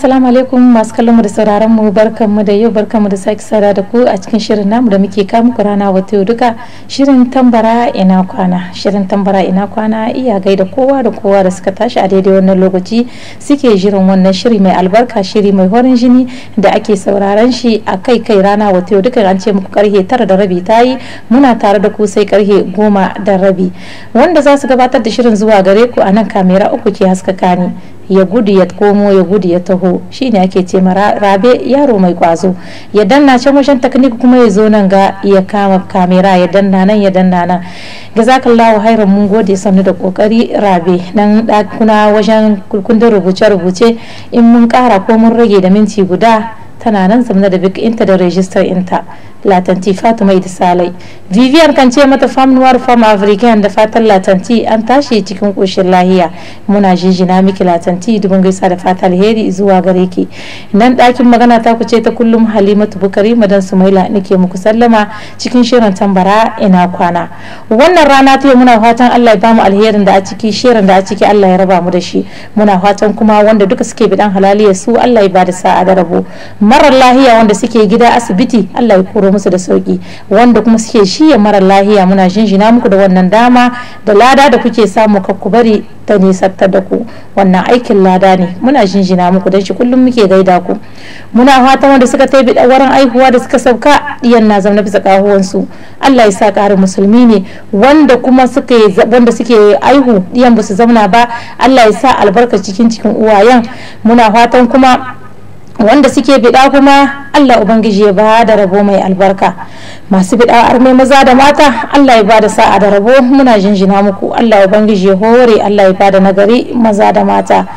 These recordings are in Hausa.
assalamu alaikum masu kallon mu da sauraron mu barkanmu da yau barkanmu da sake sada da ku a cikin shirin namu da muke kamu ku rana wata yau duka shirin tambara ina kwana shirin tambara ina kwana iya gaida kowa da kowa da suka tashi a daidai wannan lokaci suke jiran wannan shiri mai albarka shiri mai horin jini da ake sauraron shi a kai kai rana wata duka an ce muku karhe tara da rabi ta yi muna tare da ku sai karhe goma da rabi wanda za su gabatar da shirin zuwa gare ku a nan kamera uku ke haskaka ni ya gudu ya komo ya gudu ya taho shine ake ce ma rabe yaro mai kwazo ya danna can wajen teknik kuma ya zo nan ga ya kama kamera ya danna nan ya danna nan zakallahu hairan mun gode sannu da kokari rabe nan dakuna wajen kundin rubuce rubuce in mun kara ko mun rage da minti guda tana nan sannu da inta da rajistar inta latanti fatima da salai vivian kan ce mata fam noir fam african da fatan latanti an tashi cikin koshin lahiya muna jijina miki latanti dubin gaisa da fata alheri zuwa gare ki nan ɗakin magana ta ku ce ta kullum halimatu bukari madan sumaila nake muku sallama cikin shirin tambara ina kwana wannan rana ta muna fatan allah ya bamu alherin da a ciki shirin da a ciki allah ya raba mu da shi muna fatan kuma wanda duka suke bidan halaliya su allah ya bada sa'a da rabo marar lahiya wanda suke gida asibiti allah ya kuro musu da sauki wanda kuma suke shiya mara lahiya muna jinjina muku da wannan dama da lada da kuke samu ku bari ta nisantar da ku wannan aikin lada ne muna jinjina muku don shi kullum muke gaida ku muna fatan wanda suka taibi wurin aihuwa da suka sauka diyan na zaune bisa kahuwansu Allah ya sa ƙarin musulmi ne wanda kuma suke wanda suke aihu diyan ba su zauna ba Allah ya sa albarka cikin cikin uwayen muna fatan kuma wanda suke biɗa kuma Allah Ubangiji ya ba da rabo mai albarka masu bid'a'ar mai maza da mata Allah ya bada sa'a da rabo muna jinjina muku Allah ya bangiji ya hore Allah ya bada nagari maza da mata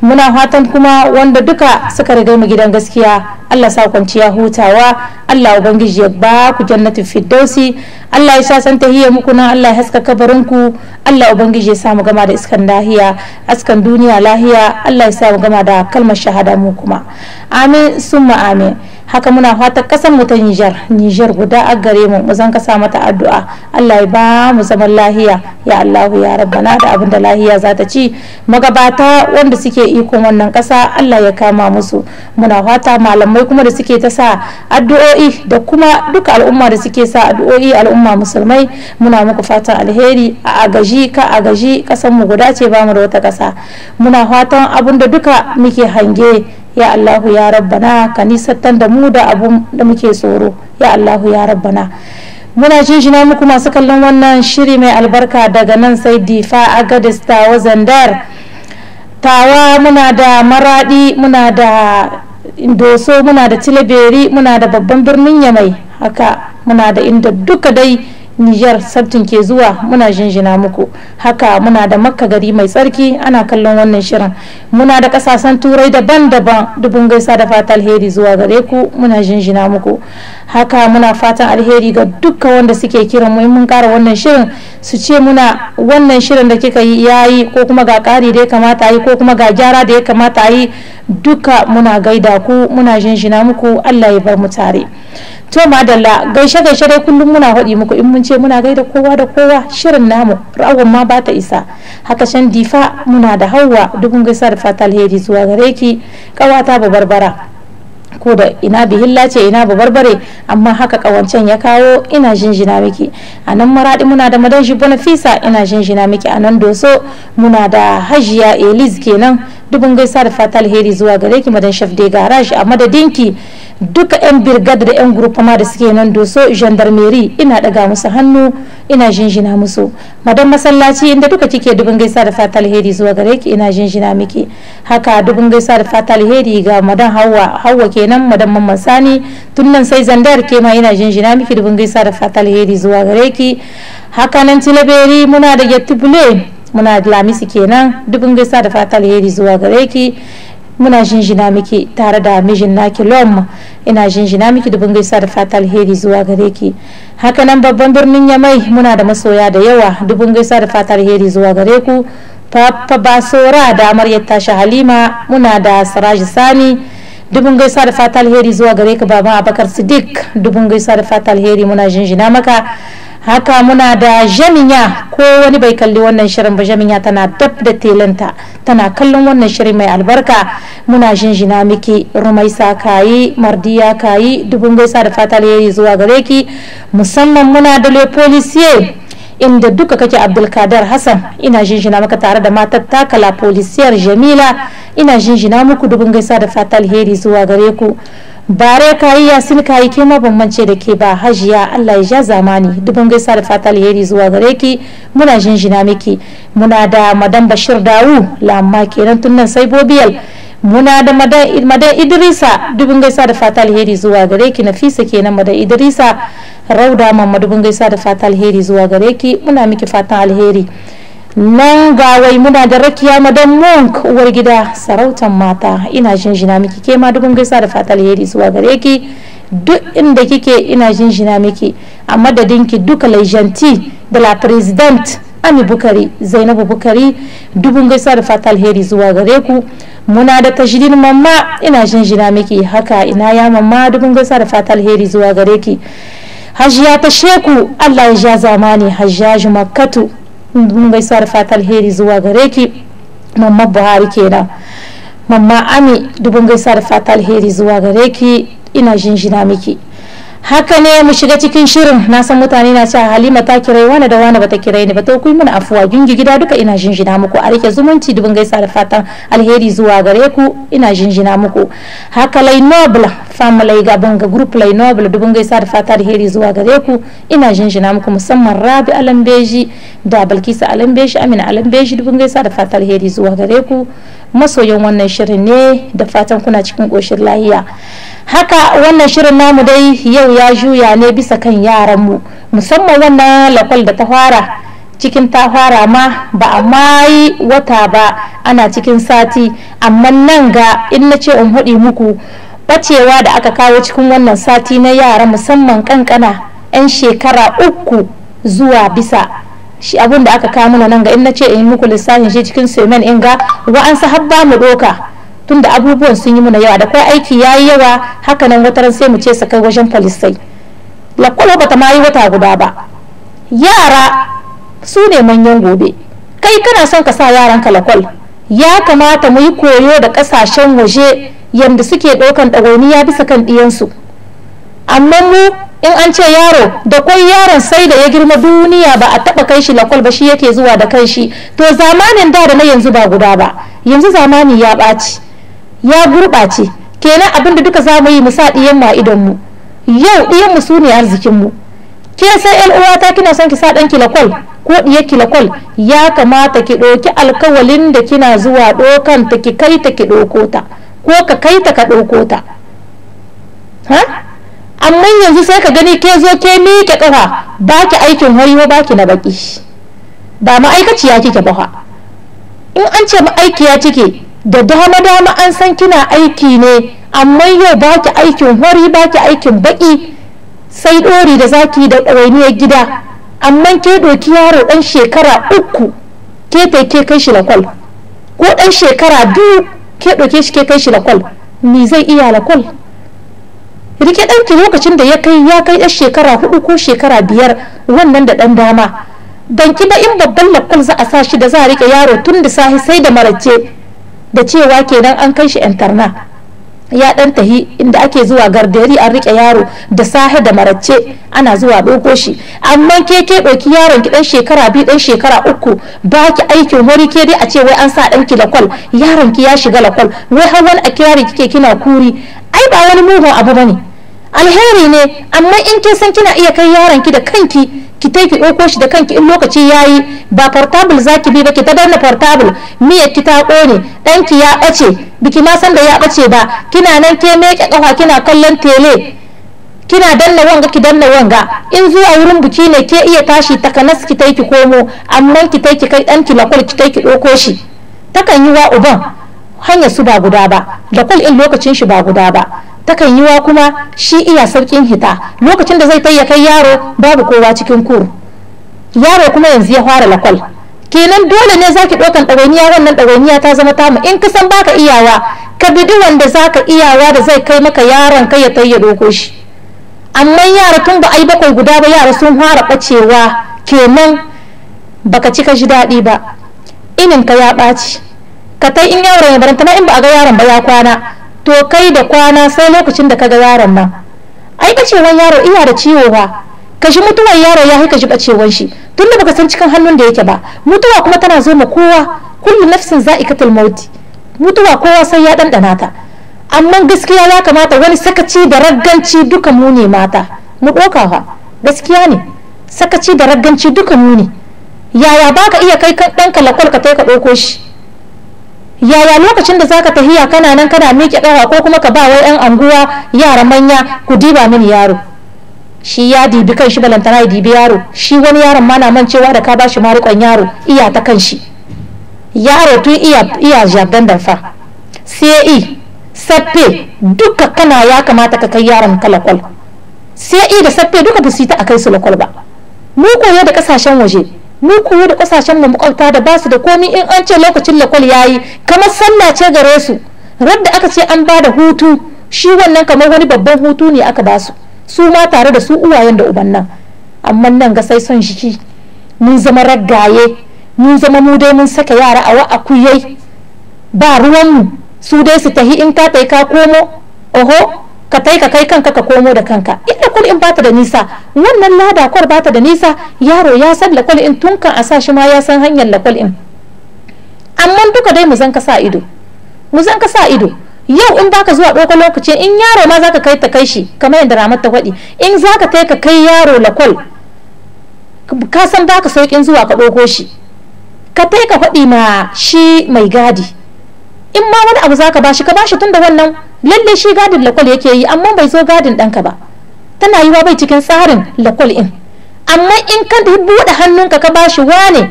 muna fatan kuma wanda duka suka riga mu gidan gaskiya Allah sa kwanciya hutawa Allah ubangiji ya ba ku jannatin firdausi Allah ya sa san tahiyya muku nan Allah ya haska kabarin ku Allah ubangiji ya sa gama da iskan lahiya askan duniya lahiya Allah ya sa gama da kalmar shahada mu kuma amin summa amin haka muna fatan kasar mu ta Nijar Nijar guda a gare mu zan kasa mata addu'a Allah ya ba mu zaman lahiya ya Allahu ya rabbana da abun da lahiya za ta ci magabata wanda suke iko wannan kasa Allah ya kama musu muna fata malamai kuma da suke ta sa addu'o'i da kuma duka al'umma da suke sa addu'o'i al'umma musulmai muna muku fatan alheri a agaji ka agaji kasan mu guda ce ba mu da wata kasa muna fatan abun da duka muke hange ya Allahu ya rabbana ka nisattan da mu da abun da muke tsoro ya Allahu ya rabbana muna shinshina muku masu kallon wannan shiri mai albarka daga nan sai difa agadis tawa zandar tawa muna da maradi muna da doso muna da tilaberi muna da babban birnin yamai haka muna da inda duka dai Nijar sabtin ke zuwa muna jinjina muku haka muna da makka gari mai tsarki ana kallon wannan shirin muna da kasashen turai daban-daban dubun gaisa da fata alheri zuwa gare ku muna jinjina muku haka muna fatan alheri ga duka wanda suke kiran mu mun kara wannan shirin su ce muna wannan shirin da kika yi yayi ko kuma ga kari da ya kamata yi ko kuma ga gyara da ya kamata yi duka muna gaida ku muna jinjina muku Allah ya bar mu tare to madalla gaishe gaishe dai kullum muna haɗi muku in mun ce muna gaida kowa da kowa shirin namu ra'awun ma ba ta isa haka shan difa muna da hawa dubun gaisa da fata alheri zuwa gare ki kawata ba barbara ko da ina bihilla ce ina babarbare amma haka kawancen ya kawo ina jinjina miki a nan maradi muna da madan shi bonafisa ina jinjina miki a nan doso muna da hajiya eliz kenan dubin gaisa da fata alheri zuwa gare ki madan chef de garage a madadinki duka yan birgad da yan gurup ma da suke nan doso gendarmerie ina daga musu hannu ina jinjina musu madan masallaci inda duka kike dubin gaisa da fata alheri zuwa gare ki ina jinjina miki haka dubin gaisa da fata alheri ga madan hawa hawa kenan madan mamman sani tun nan sai zandar ke ma ina jinjina miki dubin gaisa da fata alheri zuwa gare ki haka nan tilaberi muna da bule. muna lamisi kenan dubin gaisa da fata alheri zuwa gare ki muna jinjina miki tare da mijin naki lom ina jinjina miki dubin gaisa da fata alheri zuwa gare ki hakanan babban birnin yamai muna da masoya da yawa dubin gaisa da fata alheri zuwa gare ku Papa Basora da Amaryar Tasha Halima muna da Siraji Sani dubun gaisa da fata alheri zuwa gare ka baban Abakar Siddiq dubun gaisa da fata alheri muna jinjina maka haka muna da jaminya ko wani bai kalli wannan shirin ba jamiya tana dab da telanta tana kallon wannan shirin mai albarka muna jinjina miki rumaisa kayi mardiya kayi dubun gaisa da fatar yayi zuwa gare ki musamman muna da le policier inda duka kake abdulkadar hassan ina jinjina maka tare da matar takala polisiyar jamila ina jinjina muku dubin gaisa da fata alheri zuwa gare ku bare kayi yasin kayi ke ma bambance da ke ba hajiya allah ya ja zamani dubin gaisa da fata alheri zuwa gare ki muna jinjina miki muna da madan bashir dawu lamma kenan tun nan sai bobiyal muna da madan idrisa dubin gaisa da fata alheri zuwa gare ki nafisa kenan madan idrisa rauda mamma dubin gaisa da fata alheri zuwa gare ki muna miki fatan alheri nan gawai muna da rakiya madan monk uwar gida sarautan mata ina jinjina miki ke ma dubin gaisa da fata alheri zuwa gare ki duk inda kike ina jinjina miki a madadinki duka lejanti da la president ami bukari zainabu bukari dubun gaisuwa da fata alheri zuwa gare ku muna da tajirin mamma ina jira miki haka ina ya mamma dubun gaisuwa da fata alheri zuwa gare ki hajiya ta sheku allah ya ja zamani hajjaju makkatu dubun gaisuwa da fata alheri zuwa gare ki mamma buhari kenan mamma ami dubun gaisuwa da fata alheri zuwa gare ki ina jira miki haka ne mu shiga cikin shirin na san mutane na cewa halima ta kirai wani da wani bata kirai ne ba to kuyi mana afuwa gingi gida duka ina jinjina muku a rike zumunci dubin gaisa da fatan alheri zuwa gare ku ina jinjina muku haka lai noble family ga banga group lai noble dubin gaisa da fatan alheri zuwa gare ku ina jinjina muku musamman rabi alambeji da balkisa alambeji amina alambeji dubin gaisa da fatan alheri zuwa gare ku masoyan wannan shirin ne da fatan kuna cikin koshin lahiya haka wannan shirin namu dai yau yau ya juya ne bisa kan yaranmu musamman wannan lakwal da ta fara cikin ta fara ma ba a mayi wata ba ana cikin sati amma nan ga in na ce in hudi muku bacewa da aka kawo cikin wannan sati na yara musamman kankana 'yan shekara uku zuwa bisa shi abun da aka kawo mana nan ga in na ce in muku lissafin shi cikin semen in ga wa'ansa har mu doka tunda abubuwan sun yi muna yawa da kai aiki ya yi yawa hakanan ran sai mu ce sa kai wajen falisai lakwalo bata ma yi wata guda ba yara su ne manyan gobe kai kana son ka sa yaran ka lakwal ya kamata mu yi koyo da kasashen waje yadda suke ɗaukan ɗawainiya bisa kan ɗiyansu amma mu in an ce yaro da kwai yaron sai da ya girma duniya ba a taba kai shi lakwal ba shi yake zuwa da shi to zamanin da da na yanzu ba guda ba yanzu zamani ya ɓaci ya gurɓace kenan abin da duka zamu yi mu sa ɗiyan mu a idon mu yau ɗiyan mu sune arzikin mu ke sai yan uwata kina son ki sa ɗan kilakol ko ɗiyar kilakol ya kamata ki ɗauki alkawalin da kina zuwa ɗokan ta ki kai ta ki ɗauko ta ko ka kai ta ka ɗauko ta ha amma yanzu sai ka gani ke zo ke miƙe ƙafa ba ki aikin hoyo ba ki na baki ba ma'aikaciya kike ba in an ce ma'aikiya kike da dama dama an san kina aiki ne amma yau baki aikin hori baki aikin baki sai dori da zaki da ɗawainiyar gida amma ke doki yaro ɗan shekara uku ke ke kai shi lakwal ko ɗan shekara biyu ke ɗauke shi ke kai shi lakwal me zai iya lakwal rike ɗanki lokacin da ya kai ya kai ɗan shekara hudu ko shekara biyar wannan da ɗan dama ban ki ba in babban lakwal za a sa shi da za a rike yaro tun da sahi sai da marace da cewa kenan an kai shi yantarna ya dan tahi inda ake zuwa garderi an rike yaro da sahe da maracce ana zuwa doko shi amma ke ke ɗauki yaron ki dan shekara biyu dan shekara uku ba ki aikin wani ke dai a ce wai an sa dan ɗanki lakwal yaron ki ya shiga lakwal wai har wani a kiyari kike kina kuri ai ba wani mugun abu bane alheri ne amma in kin san kina iya kai yaron ki da kanki ki tai ki dauko shi da kanki in lokaci yayi ba portable zaki bi ba ki ta danna portable miye ki ta kone ɗanki ya bace biki ma san da ya bace ba kina nan ke ke kafa kina kallon tele kina danna wanga ki danna wanga in zuwa wurin biki ne ke iya tashi takanas ki tai ki komo amma ki tai ki kai la kul ki tai ki dauko shi takan yi wa uban hanya su ba guda ba da kul in lokacin shi ba guda ba takan yiwa kuma shi iya saukin hita lokacin da zai tayyaka yaro babu kowa cikin kur yaro kuma yanzu ya fara lakwal kenan dole ne zaki ɗaukan ɗawainiya wannan ɗawainiya ta zama ta tamu in ka san baka iyawa ka bi duk wanda zaka iyawa da zai kai maka yaron kai ya tayya doko shi amma yara tun ba ai bakwai guda ba yara sun fara bacewa kenan baka cika ji daɗi ba ininka ka ya ɓaci ka tai in yaron ya barantana in ba a ga yaron ba ya kwana to kai da kwana sai lokacin da kaga yaron nan ai bacewan yaro iya da ciwo ba kashi mutuwar yaro ya kashi bacewan shi da baka san cikin hannun da yake ba mutuwa kuma tana zo ma kowa kullu nafsin za'ikatul maut mutuwa kowa sai ya dandana ta amma gaskiya ya kamata wani sakaci da ragganci duka mu ne mata mu fa gaskiya ne sakaci da ragganci duka mu ne yaya baka iya kai danka lakwal ka kai ka ɗauko shi yaya lokacin da zaka tahiya kana nan kana miƙe ƙafa ko kuma ka ba wa yan anguwa yara manya ku diba mini yaro shi ya dibi kan shi balantana ya dibi yaro shi wani yaron ma na mancewa da ka bashi marikon yaro iya ta kan shi yaro tun iya iya jardin fa sai sappe duka kana ya kamata ka kai yaron kalakwal sai da sappe duka ba su ta a kai su lakwal ba mu koyo da kasashen waje mu koyo da kasashen mu makwabta da basu da komi in an ce lokacin lakwal yayi kamar sallah ce gare su da aka ce an ba da hutu shi wannan kamar wani babban hutu ne aka ba su su ma tare da su uwayen da uban nan amma nan ga sai son shiki mun zama raggaye mun zama mu dai mun saka yara a wa'akuyai ba ruwanmu su dai su tahi in ka tai ka komo oho ka kai ka kai kanka ka komo da kanka inda kul in bata da nisa wannan lada kwar bata da nisa yaro ya san lakwal in tun kan a sa shi ma ya san hanyar lakwal in amma duka dai mu zan ka sa ido mu zan ka sa ido yau in baka zuwa ɗauka lokaci in yaro ma zaka kai ta kai shi kamar yadda ramar ta faɗi in zaka kai ka kai yaro lakwal ka san baka sauƙin zuwa ka ɗauko shi ka kai ka faɗi ma shi mai gadi in ma wani abu zaka bashi ka bashi da wannan lalle shi gadin lakwal yake yi amma bai zo gadin ɗanka ba tana yi wa bai cikin tsarin lakwal in amma in ka buɗe hannunka ka bashi wane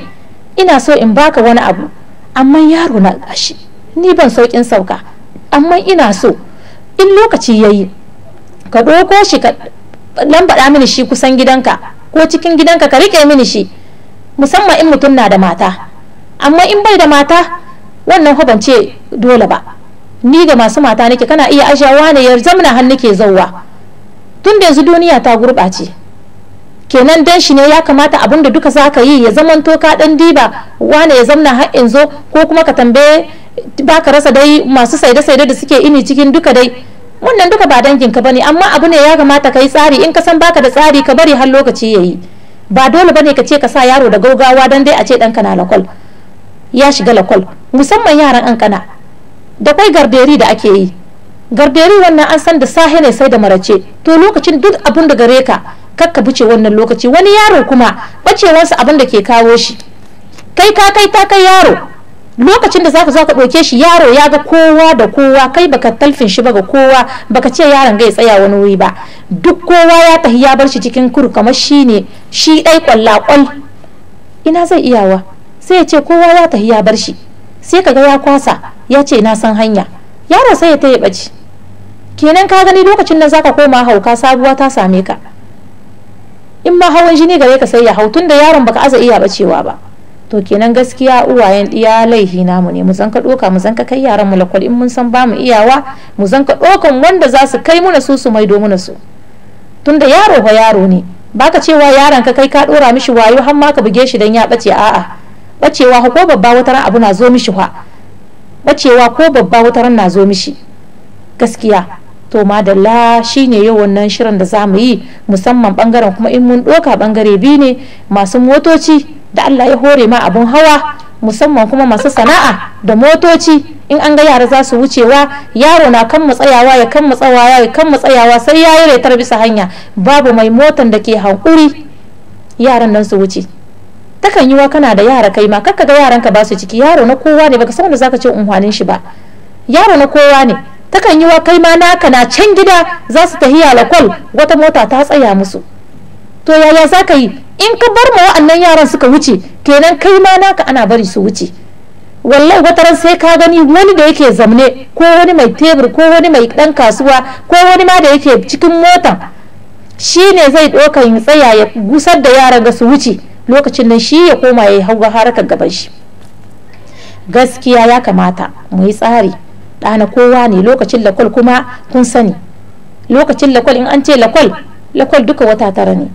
ina so in baka wani abu amma yaro na gashi ni ban saukin sauka amma ina so in lokaci yayi ka ɗauko shi ka lambaɗa mini shi kusan gidanka ko cikin gidanka ka riƙe mini shi musamman in mutum na da mata amma in bai da mata wannan fa ban ce dole ba ni ga masu mata nake kana iya ashawa ne ya zamna hannu ke zauwa tun da yanzu duniya ta gurɓace kenan dan shi ne ya kamata abin da duka zaka yi ya zamanto ka dan diba wane ya zamna har in zo ko kuma ka tambaye baka rasa dai masu saide saide da suke ini cikin duka dai wannan duka ba dangin ka bane amma abu ne ya kamata ka yi tsari in ka san baka da tsari ka bari har lokaci yayi ba dole bane ka ce ka sa yaro da gaugawa dan dai a ce dan kana lakol ya shiga lakwal musamman yaran an kana da kwai garberi da ake yi garberi wannan an san da sahi ne sai da marace to lokacin duk abun da gare ka kakka buce wannan lokaci wani yaro kuma bacewarsa abin da ke kawo shi kai ka kai ta kai yaro lokacin da zaka zaka ka ɗauke shi yaro ya ga kowa da kowa kai baka talfin shi ba ga kowa baka ce yaron ga ya tsaya wani wuri ba duk kowa ya tahi ya bar shi cikin kuru kamar shi ne shi ɗai kwalla ina zai iyawa sai ya ce kowa ya tafi ya bar shi sai kaga ya kwasa ya ce na san hanya yaro sai ya ta ya kenan ka gani lokacin nan zaka koma hauka sabuwa ta same ka in ma hawan jini gare ka sai ya hau tunda yaron baka aza iya bacewa ba to kenan gaskiya uwayen iya laihi namu ne mu zan ka doka mu zan ka kai yaran mu lakwal in mun san ba mu iyawa mu zan ka dokan wanda za su kai muna su su maido muna su tunda yaro fa yaro ne baka cewa yaron ka kai ka dora mishi wayo har ma ka buge shi dan ya bace a'a bacewa ko babba wata ran abu na zo mishi fa bacewa ko babba wata na zo mishi gaskiya to madalla shine yau wannan shirin da za mu yi musamman bangaren kuma in mun doka bangare biyu ne masu motoci da Allah ya hore ma abun hawa musamman kuma masu sana'a da motoci in an ga yara za su wucewa yaro na kan matsayawa ya kan matsayawa ya kan matsayawa sai ya yi retar bisa hanya babu mai motan da ke hankuri yaran nan su wuce takan yi wa kana da yara kai ma ka ga ka ba su ciki yaro na kowa ne baka san wanda zaka ce unhwanin shi ba yaro na kowa ne takan yi wa kai ma naka na can gida za su yala kwal wata mota ta tsaya musu to yaya za ka yi in ka bar ma wa'annan yaran suka wuce kenan kai ma naka ana bari su wuce wallahi wata ran sai ka gani wani da yake zamne ko wani mai tebur ko wani mai dan kasuwa ko wani ma da yake cikin mota shi ne zai dokan tsaya ya gusar da yaran ga su wuce lokacin nan shi ya koma ya hau harkar gaban shi gaskiya ya kamata mu yi tsari ɗana kowa ne lokacin lakwal kuma kun sani lokacin lakwal in an ce lakwal lakwal duka wata tara ne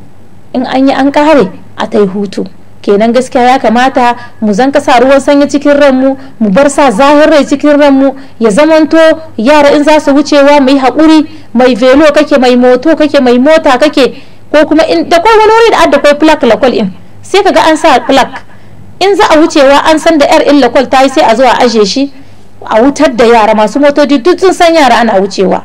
in an yi an kare a ta hutu kenan gaskiya ya kamata mu zanka sa ruwan sanyi cikin ranmu mu bar sa zahir rai cikin ranmu ya zamanto yara in za su wucewa mai haƙuri mai velo kake mai moto kake mai mota kake ko kuma in da wani wuri da adda kwai plak lakol in sai ka ga an sa plak in za a wucewa an san da yar illa kwal ta yi sai a zo a aje shi a wutar da yara masu motoci duk sun san yara ana wucewa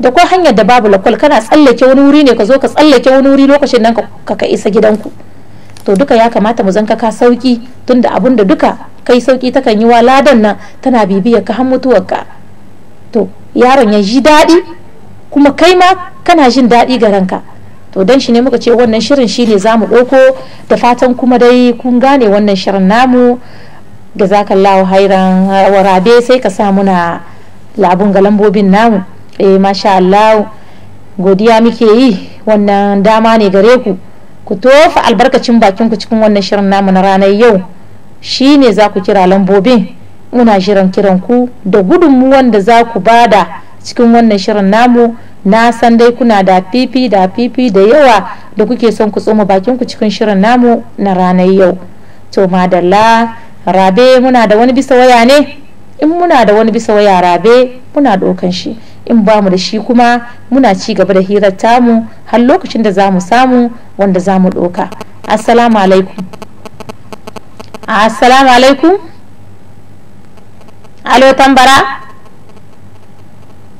da kwai hanyar da babu lakwal kana tsallake wani wuri ne ka zo ka tsallake wani wuri lokacin nan ka ka isa gidanku to duka ya kamata mu zanka ka sauki tunda abun da duka kai sauki ta kan yi wa ladan nan tana bibiyar ka har mutuwarka to yaron ya ji daɗi kuma kai ma kana jin daɗi ga ranka to dan shi ne muka ce wannan shirin shi shine zamu ɗauko da fatan kuma dai kun gane wannan shirin namu da za ka lawo hairan warabe sai ka sa muna labun ga lambobin namu eh masha Allah godiya muke yi wannan dama ne gare ku ku tofa albarkacin bakin ku cikin wannan shirin namu na ranar yau shi ne za ku kira lambobin muna shirin kiran ku da gudunmu wanda za ku bada cikin wannan shirin namu na san dai kuna da fifi da fifi da yawa da kuke son ku tsoma bakin ku cikin shirin namu na ranar yau to madalla rabe muna da wani bisa waya ne in muna da wani bisa waya rabe muna ɗaukan shi in ba mu da shi kuma muna ci gaba da hirar tamu har lokacin da za mu samu wanda za mu ɗauka assalamu alaikum assalamu alaikum alo tambara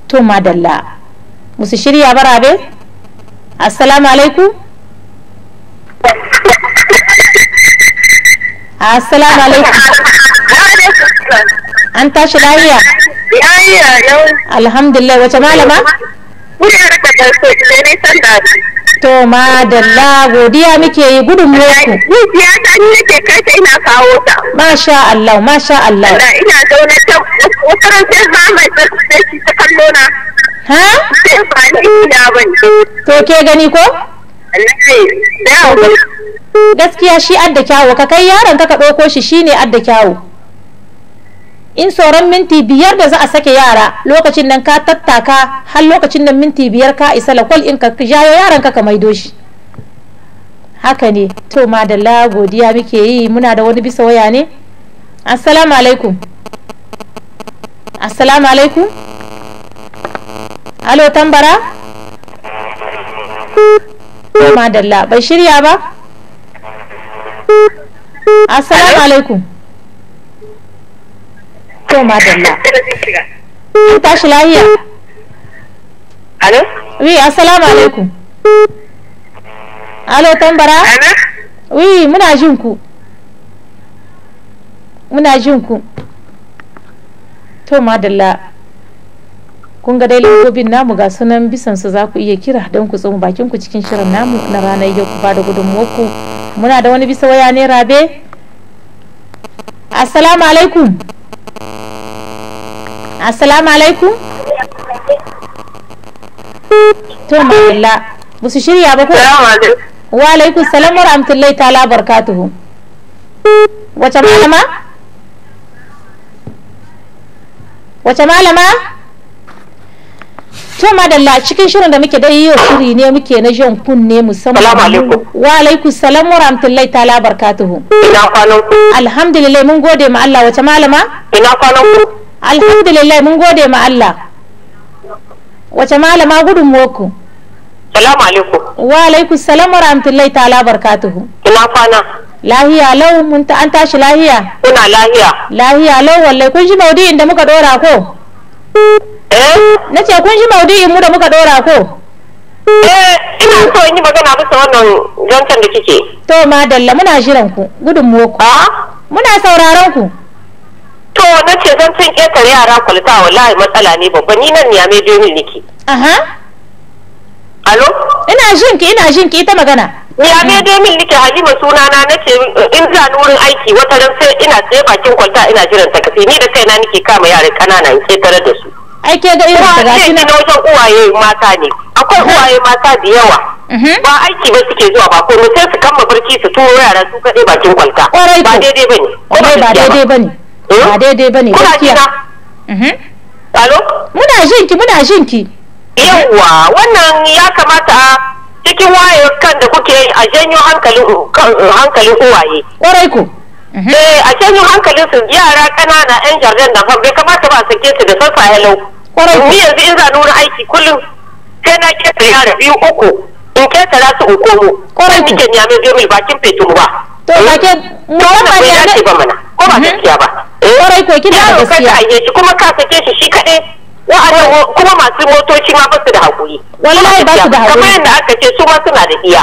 to madalla musu shirya ba rabe assalamu alaikum assalamu alaikum an tashi lahiya alhamdulillah wace malama Muna rika da so ne san da To madalla godiya muke yi gudun ku. Ya ta ni nake kai ta ina kawo ta. Masha Allah masha Allah. Ina zaune ta wataran sai ba mai ta shi ta kallo na. Ha? Sai ba ni ina ban. To ke gani ko? Gaskiya shi adda kyawo ka kai yaron ka ka ɗauko shi shine adda kyawo. in sauran minti biyar da za a sake yara lokacin nan ka tattaka har lokacin nan minti biyar ka isa lakwal in ka jayo yaran ka ka maido shi haka ne to madalla godiya muke yi muna da wani bisa waya ne assalamu alaikum assalamu alaikum alo tambara madalla bai shirya ba assalamu alaikum to madalla kun tashi lahiya alo wi assalamu alaikum alo tambara wi muna jin ku muna jin ku to Kunga kun ga dai lambobin namu ga sunan bisan su za ku iya kira don ku tsumu bakin ku cikin shirin namu na ranar yau ku bada gudunmuwar ku muna da wani bisa waya ne rabe assalamu alaikum assalamu alaikum to ma'ala ba su shirya ba ko wa alaikum salam wa rahmatullahi ta'ala barakatuhu wace malama wace malama to madalla cikin shirin da muke dai yau shiri ne muke na jan kunne musamman alaikum. wa alaikum salam wa rahmatullahi ta'ala barakatuhu alhamdulillah mun gode ma Allah wace malama ina kwanan ku alhamdulillah mun gode ma Allah wace malama gudun moku salamu alaikum wa alaikum salam wa rahmatullahi ta'ala barakatuhu ina kwana lahiya lau mun ta an tashi lahiya kuna lahiya lahiya lau wallahi kun ji maudu'in da muka dora ko eh nace kun ji maudu'in mu da muka dora ko Eh, ina so in yi magana bisa wannan zancen da kike. To madalla muna jiran ku gudun Ah? Muna sauraron ku. to na ce zan cin ƙetare yara kwalita wallahi matsala ne babba ni nan ya mai biyo niki aha alo ina jin ki ina jin ki ita magana ya mai biyo niki halima suna na ce in za ni wurin aiki wata ran sai ina tsaye bakin kwalta ina jiran ta kafi ni da kaina nake kama yaran kanana in ƙetare da su ai ke ga irin ta gashi na wajen uwaye mata ne akwai uwaye mata da yawa mhm. ba aiki ba suke zuwa ba komai sai su kama barci su turo yara su kaɗai bakin kwalta ba daidai bane ba daidai bane Eh? ba daidai bane gaskiya mhm. alo muna jin ki muna jin ki yawwa wannan ya kamata cikin wayar kan da kuke a janyo hankalin uwaye kwarai ku mhm. eh a janyo hankalin su yara kanana yan jardin da bai kamata ba sake su da sassa lau. kwarai ku yanzu in za nuna aiki kullum sai na keta yara biyu uku in za su uku mu kwarai ku nike nyame biyu bakin fetur ba to ba ke mu ba ya ba mana ko ba mhm. gaskiya ba Eh, kwarai ko kina da gaskiya ka aike shi kuma ka sake shi shi kadai wa'adan kuma masu motoci ma ba su da hakuri wallahi ba su da hakuri kamar yadda aka ce su ma suna da iya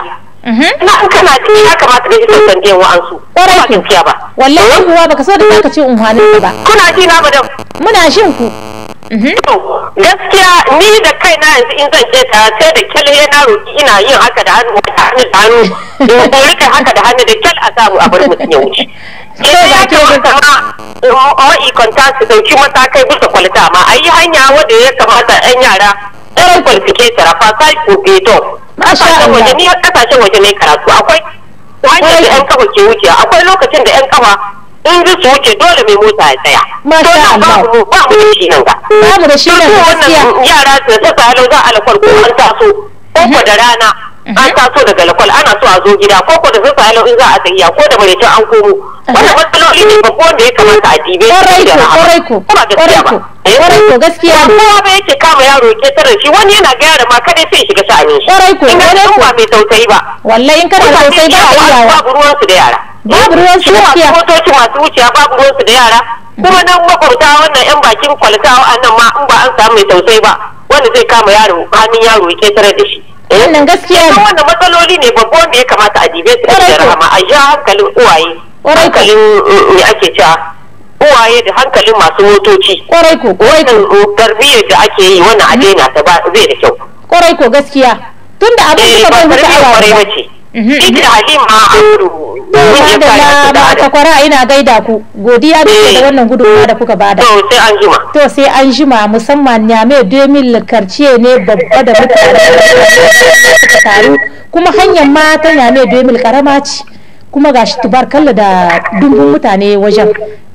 mhm. na an kana ci ya kamata ka ji san biyan wa'ansu kwarai ko gaskiya ba wallahi uwa baka so da ka ce unhwanin ba kuna ji na madam muna shin ku mhm. gaskiya ni da kai na yanzu in zan je tare sai da kyal ya na roki ina yin haka da hannu da hannu da hannu da gori kai haka da hannu da kyal a samu a bar mutum ya wuce sai ya kamata ma ma'aikanta su dauki matakai bisa kwalita ma a yi hanya wadda ya kamata 'yan yara ɗayan kwalifiketa rafa sai ko beto kasashen waje ni waje ne karatu akwai Wani da 'yan kafa ke wuce akwai lokacin da 'yan kafa in ji su dole mai mota ya tsaya. Masha Allah. Ba mu da shi nan ba. Ba mu da shi nan Yara su da ta za a alfar ko an taso. Ko da rana. an taso daga lakwal ana so a zo gida ko ko da sun sa in za a tsayiya ko da bare an komo wannan matsaloli ne ko wanda ya kamata a dibe shi da rahama ko ba gaskiya ba kwarai ko gaskiya ne kowa ba yake kama yaro ke tare shi wani yana ga yaro ma kada sai shiga sa shi kwarai ko kwarai ko ba mai tausayi ba wallahi in kana tausayi ba a iya babu ruwan su da yara babu ruwan su gaskiya motoci masu wuciya babu ruwan su da yara kuma nan makwabta wannan yan bakin kwalta wa'annan ma in ba an samu mai tausayi ba wanda zai kama yaro hannun yaro ya ketare da shi Eh, wannan gaskiya ne wannan matsaloli ne babba wanda ya kamata a dibe su da rahama a ja hankalin uwaye hankalin me eh, eh, ake cewa uwaye da hankalin masu motoci kwarai ko kwarai tarbiyyar da ake yi wannan a mm-hmm. daina ta ba zai da kyau kwarai ko gaskiya tunda abin da ba ce mm-hmm, mm-hmm. halima a ba da la takwara ina gaida ku godiya da da eh. wannan gudunmawa da kuka bada to sai an jima to sai an jima musamman nyame domin karciye ne babba da mutane taru kuma hanyar ma ta nyame domin karama ce kuma gashi tubarkalla da dumbin mutane wajen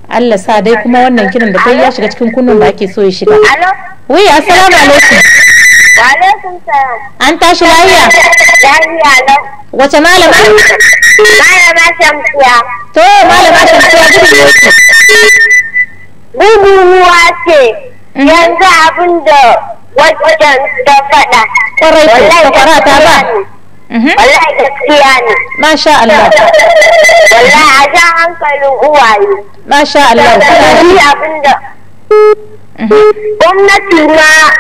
Allah sa dai kuma wannan kiran da kai ya shiga cikin kunnun da ake so ya shiga. Wi assalamu alaikum. An tashi lahiya? Lahiya lau. Wace malama? Malama Shamsiya. To, malama Shamsiya gudu yake. Gudunmuwa ce. Mhm. Yanzu abin da wajen da faɗa. Kwarai ce, kwakwara ta ba. Mhm. Wallahi gaskiya ne. Masha Allah. Wallahi a jan hankalin uwaye. Masha Allah. Ni abin da. Mhm. Gwamnati ma.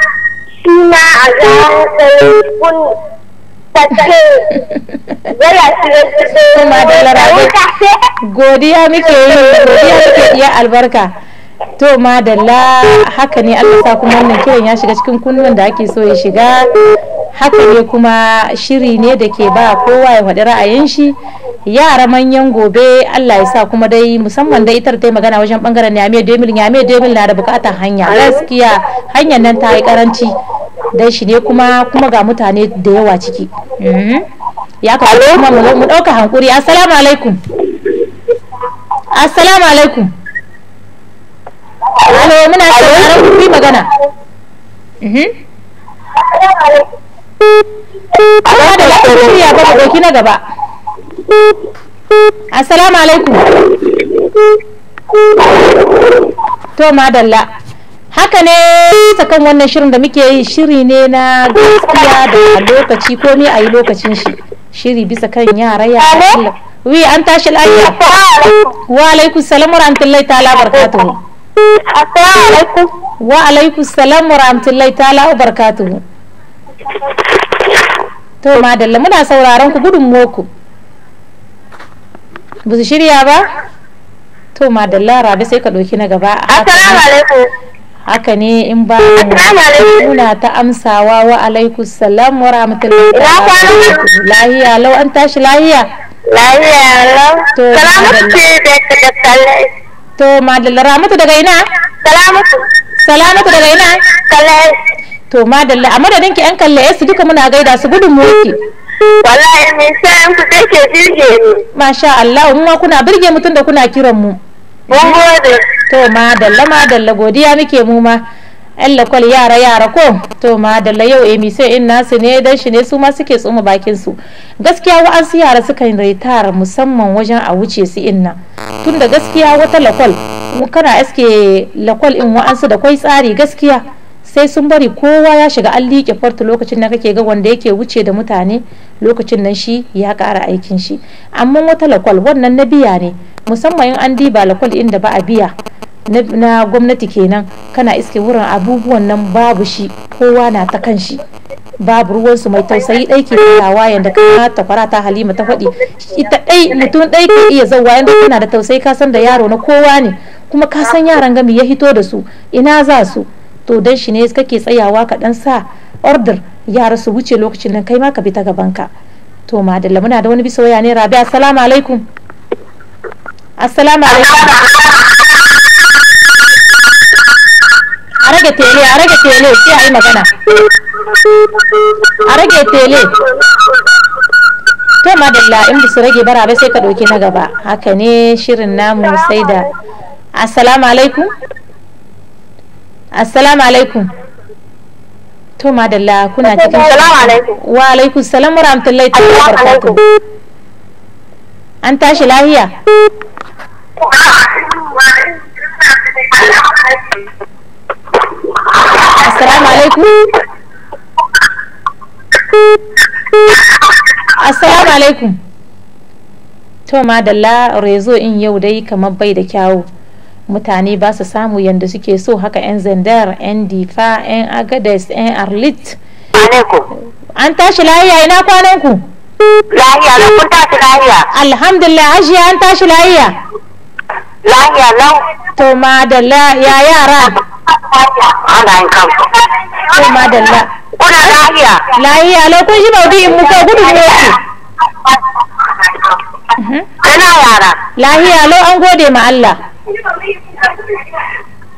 shi ma a kun godiya muke godiya muke iya albarka to madalla haka ne allah sa kuma wannan kiran ya shiga cikin kunnan da ake so ya shiga haka ne kuma shiri ne da ke ba kowa ya faɗi ra'ayin shi yara manyan gobe Allah ya sa kuma dai musamman da itar ta magana wajen bangaren Niamey Demil Niamey Demil na da bukatar hanya gaskiya hanyar nan ta yi karanci dan shi ne kuma kuma ga mutane da yawa ciki mm-hmm. ya ka kuma mu dauka hankuri assalamu alaikum assalamu alaikum alo muna sauraron ku magana Assalamu mm-hmm. Ba da lafiya ba ba na gaba. assalamu alaikum to madalla haka ne sakan wannan shirin da muke yi shiri ne na gaskiya da lokaci ko ne a yi lokacin shi shiri bisa kan yara yara wi an tashi lafiya wa alaikum salam wa rahmatullahi ta'ala barakatuhu assalamu alaikum wa alaikum salam wa rahmatullahi ta'ala barakatuhu to madalla muna sauraron ku gudun moku ba su shirya ba to madalla rabe sai ka ɗauki na gaba assalamu alaikum haka ne in ba muna ta amsawa wa alaikum salam wa rahmatullahi lahiya lau an tashi lahiya lahiya lau to salamatu daga kallai to madalla ramatu daga ina salamatu salamatu daga ina kallai to madalla a madadin ki yan kalle su duka muna gaida su gudun mulki wallahi min sayan ku sai birge ni masha Allah mu kuna birge mutum da kuna kiran mu mun gode to ma dalla ma godiya muke mu ma Allah kwal yara yara ko to ma yau in nasu ne dan shi ne su ma suke tsuma bakin su gaskiya wa'ansu yara suka tara musamman wajen a wuce su inna tunda gaskiya wata lakwal kana aske lakwal in wa'ansu da kwai tsari gaskiya sai sun bari kowa ya shiga an liƙe farta lokacin da kake ga wanda yake wuce da mutane lokacin nan shi ya kara aikin shi amma wata lakwal wannan na biya ne musamman in an diba lakwal inda ba a biya na gwamnati kenan kana iske wurin abubuwan nan babu shi kowa na ta kan shi babu ruwansu mai tausayi ɗai ke kulawa yadda kana ta fara ta halima ta faɗi ita ɗai mutum ɗai ke iya zauwa yadda kana da tausayi ka san da yaro na kowa ne kuma ka san yaran gami ya hito da su ina za su to dan shi ne kake tsayawa ka ɗan sa order yara su wuce lokacin nan kai ma ka bi ta gaban ka to madalla muna da wani bisa waya ne rabi assalamu alaikum assalamu alaikum a rage tele a rage tele sai a yi magana a rage tele to madalla in bisa rage bara bai sai ka ɗauki na gaba haka ne shirin namu sai da assalamu alaikum assalamu alaikum to madalla kuna cikin salamu alaikum wa alaikum salam wa rahmatullahi an tashi lahiya assalamu alaikum assalamu alaikum to madalla rezo in yau dai kamar bai da kyawu mutane ba su samu yadda suke so haka 'yan zandar 'yan difa 'yan agades 'yan arlit an tashi lahiya ina kwanan ku lahiya na kun tashi lahiya alhamdulillah hajiya an tashi lahiya lahiya na to madalla ya yara ana yin kan to madalla kuna lahiya lahiya lau kun shi bauti in muka gudu ne Yana yara. Lahiya lo an gode ma Allah.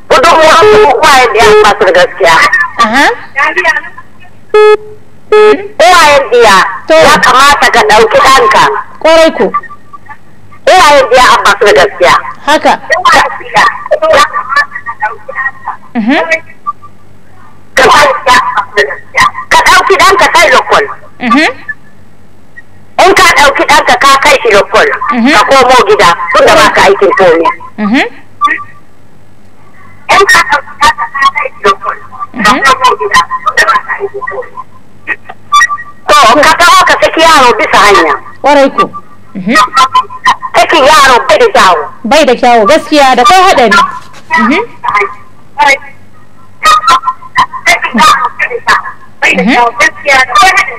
Gudun wasu kwaye da yan masu gaskiya. Uwayen biya ya kamata ka ɗauki ɗanka. Ƙwarai ku. Uwayen biya an masu gaskiya. Haka. Mhm. Ka ɗauki ɗanka kai lokal. Mhm. in ka ɗauki ɗanka ka kai shi lokol mhm. ka komo gida tun da baka aikin tone mhm. in ka ɗauki ɗanka ka kai shi lokol ka mhm. komo gida tun da baka aikin tone to ka taho ka saki yaro bisa hanya warai ku saki yaro bai da kyawu bai da kyawu gaskiya da kai haɗari saki yaro bai da kyawu gaskiya da kai haɗari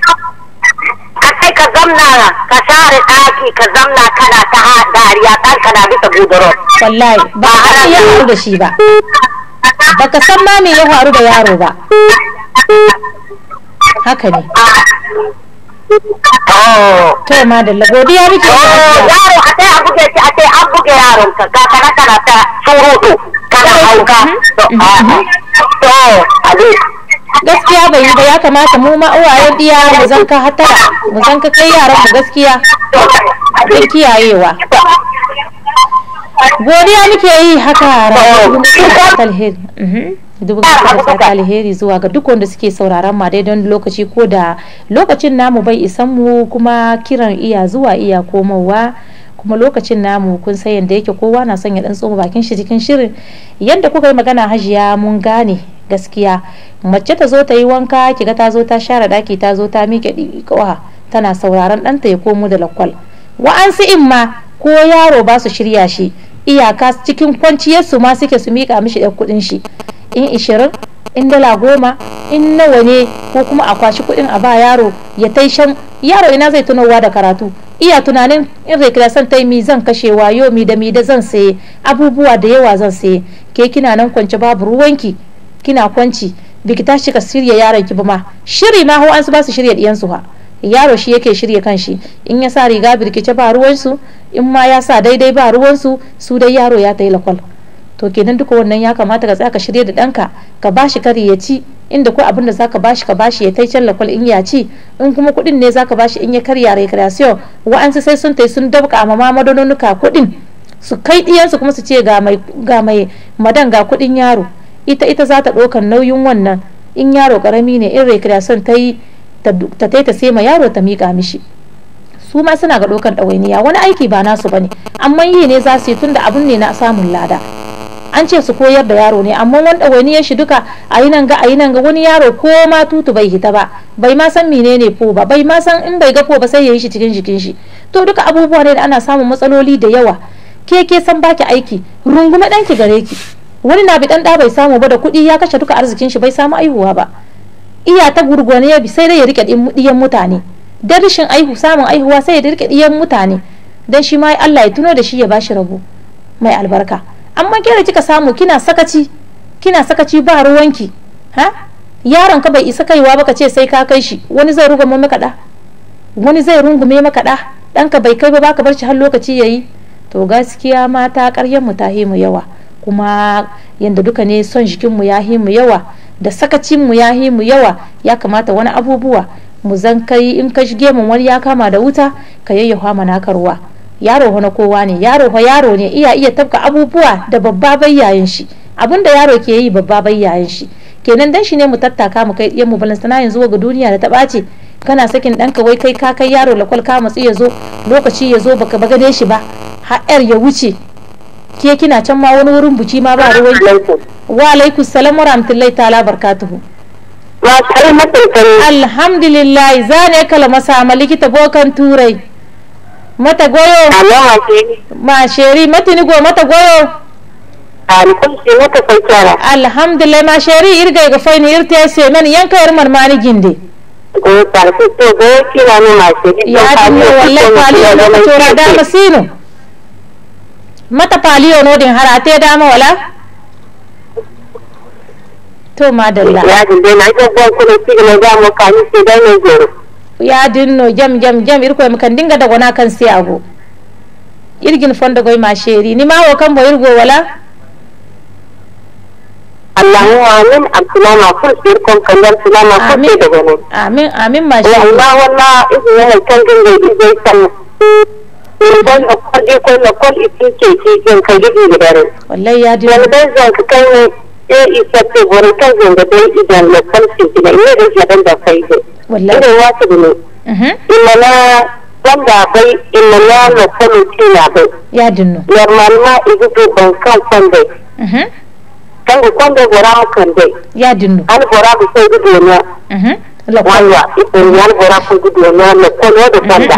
a sai ka zamna ka share daki ka zamna kana ta dariya dan kana bisa gudoro Wallahi ba a ya faru da shi ba. Baka san ma me ya faru da yaro ba. Haka ne. To ma da godiya muke. Oh, yaro a sai a buge shi a sai an buge yaron ka ga kana kana ta surutu kana hauka. Mm-hmm. To a gaskiya bai yi ba ya kamata mu ma uwaye diya mu zanka hatara mu zanka kai yaran mu gaskiya don kiyayewa godiya muke yi haka alheri mhm. dubin kasar alheri zuwa ga duk wanda suke sauraron ma dai don lokaci ko da lokacin namu bai isan mu kuma kiran iya zuwa iya komowa kuma lokacin namu kun san yadda yake kowa na son ya dan tsoma bakin shi cikin shirin yadda kuka yi magana hajiya mun gane gaskiya mace ta zo ta yi wanka kiga ta zo ta share daki ta zo ta miƙe ƙawa tana sauraron ɗanta ya komo da lakwal wa'ansu in ma ko yaro ba su shirya shi iyaka cikin kwanciyar su ma suke su mika mishi ɗan kuɗin shi in ishirin in dala goma in nawa ne ko kuma a kwashi kuɗin a ba yaro ya shan yaro ina zai tunowa da karatu iya tunanin in recreation ta mi zan kashe wayo mi da mi da zan saye abubuwa da yawa zan saye ke kina nan kwance babu ruwanki kina kwanci biki tashi ka shirya yaron ki ba ma shiri ma ho an su ba su shirya diyan su ha yaro shi yake shirya shi in ya sa riga birkice ba ruwan su in ma ya sa daidai ba ruwan su su dai yaro ya ta yi lakwal to kenan duka wannan ya kamata ka tsaya ka shirya da danka ka bashi kare ya ci inda ko abin da zaka bashi ka bashi ya tai can lakwal in ya ci in kuma kuɗin ne zaka bashi in ya karya recreation wa'ansu sai sun tai sun dabka ma mamadononuka kuɗin su kai su kuma su ce ga mai madan ga kuɗin yaro ita ita za ta ɗaukar nauyin wannan in yaro ƙarami ne in recreation son ta yi ta ta ta sai ma yaro ta miƙa mishi su ma suna ga ɗaukar ɗawainiya wani aiki ba nasu bane amma yi ne za su yi tunda abun ne na samun lada an ce su koyar da yaro ne amma wani ɗawainiya shi duka a yi nan ga a yi nan ga wani yaro ko ma tutu bai hita ba bai ma san menene ko ba bai ma san in bai ga ko ba sai ya yi shi cikin jikin shi to duka abubuwa ne da ana samun matsaloli da yawa ke ke san baki aiki rungume ɗanki gare ki wani na bi dan da bai samu ba da kuɗi ya kashe duka arzikin shi bai samu aihuwa ba iya ta gurgwane ya bi sai dai ya rike diyan mutane dan rishin aihu samun aihuwa sai ya rike diyan mutane dan shi ma Allah ya tuno da shi ya bashi rabo mai albarka amma ke da kika samu kina sakaci kina sakaci ba ruwanki ha yaron ka bai isa kaiwa ba ka ce sai ka kai shi wani zai rungume maka da wani zai rungume maka da ɗanka bai kai ba ka bar shi har lokaci yayi to gaskiya mata ƙaryar mu ta mu yawa kuma yadda duka ne son jikinmu ya himu yawa da sakacinmu ya mu yawa ya kamata wani abubuwa mu zan kai in ka shige mu wani ya kama da wuta ka yayyafa mana ruwa yaro na kowa ne yaro fa yaro ne iya iya tabka abubuwa da babba bayyayin shi abin da yaro ke yi babba bayyayin shi kenan dan shi ne mu tattaka mu kai ɗiyan mu balantana yanzu ga duniya da ta ɓace kana sakin ɗanka wai kai ka kai yaro lakwal ka matsi ya zo lokaci ya zo baka gane shi ba har ya wuce ke kina can ma wani wurin buci ma ba ruwan wa alaikum salam wa rahmatullahi ta'ala barkatuhu alhamdulillah zane kalma sa ma likita bokan turai mata goyo ma sheri mata go mata goyo alhamdulillah ma sheri irga ga faini irta se men yanka yar marmani ginde go tarfi to go kina ne ma sheri ya dinne wallahi kwali da mutura da masino mata faliyo no din hara te dama wala to madalla ya din dai na ga gon kuma ci ga ga mu kan ci dai ne goro ya din no jam jam jam irko mu kan dinga da gona kan sai irgin fonda goy ma sheri ni ma wo kan bo wala Allahu amin abdulama ful sir kon kandan sulama amin amin da gona amin amin ma sheri Allah wallahi idan kan dinga idan san dan akwai je kwai na kwal isin ke ke jan ka gidi da dare wallahi ya ji wani dan zan ka kai ne e isa ce gore kan zan da dai idan na kwal ke gida ne da ya dan da kai ne wallahi ne wasu ne inna na dan da bai inna na na kwal ke na bai ya dinno normal ma idu to ban kan kan bai kan ku kan da gora kan bai ya dinno an gora ku sai gudu na waya idan ya gora ku gudu na na kwal da kan da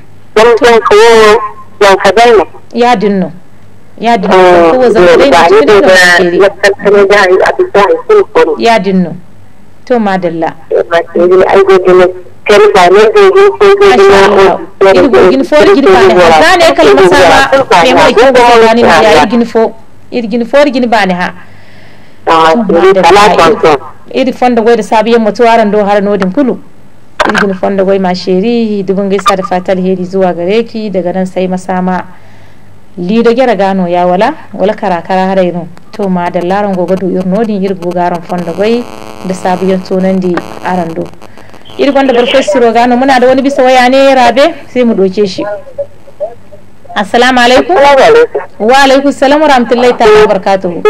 ko ɗan kawo nan ka da ya dinno ya dinno eh, eh, ya dinno to madalla irgin fo irgin bane ha zane fo irgin fo irgin ha har nodin kulu irgin fonda gwai masheri dubin gaisa da fatal heri zuwa gare ki daga nan sai masama lido gyara gano ya wala wala karakara har yanzu to ma da laron gogo do irin din irgo garan fonda gwai da sabiyan tonan di arando irgon da barkoi siro gano muna da wani bisa waya ne rabe sai mu doke shi assalamu alaikum wa alaikum salam wa rahmatullahi ta'ala wa barakatuhu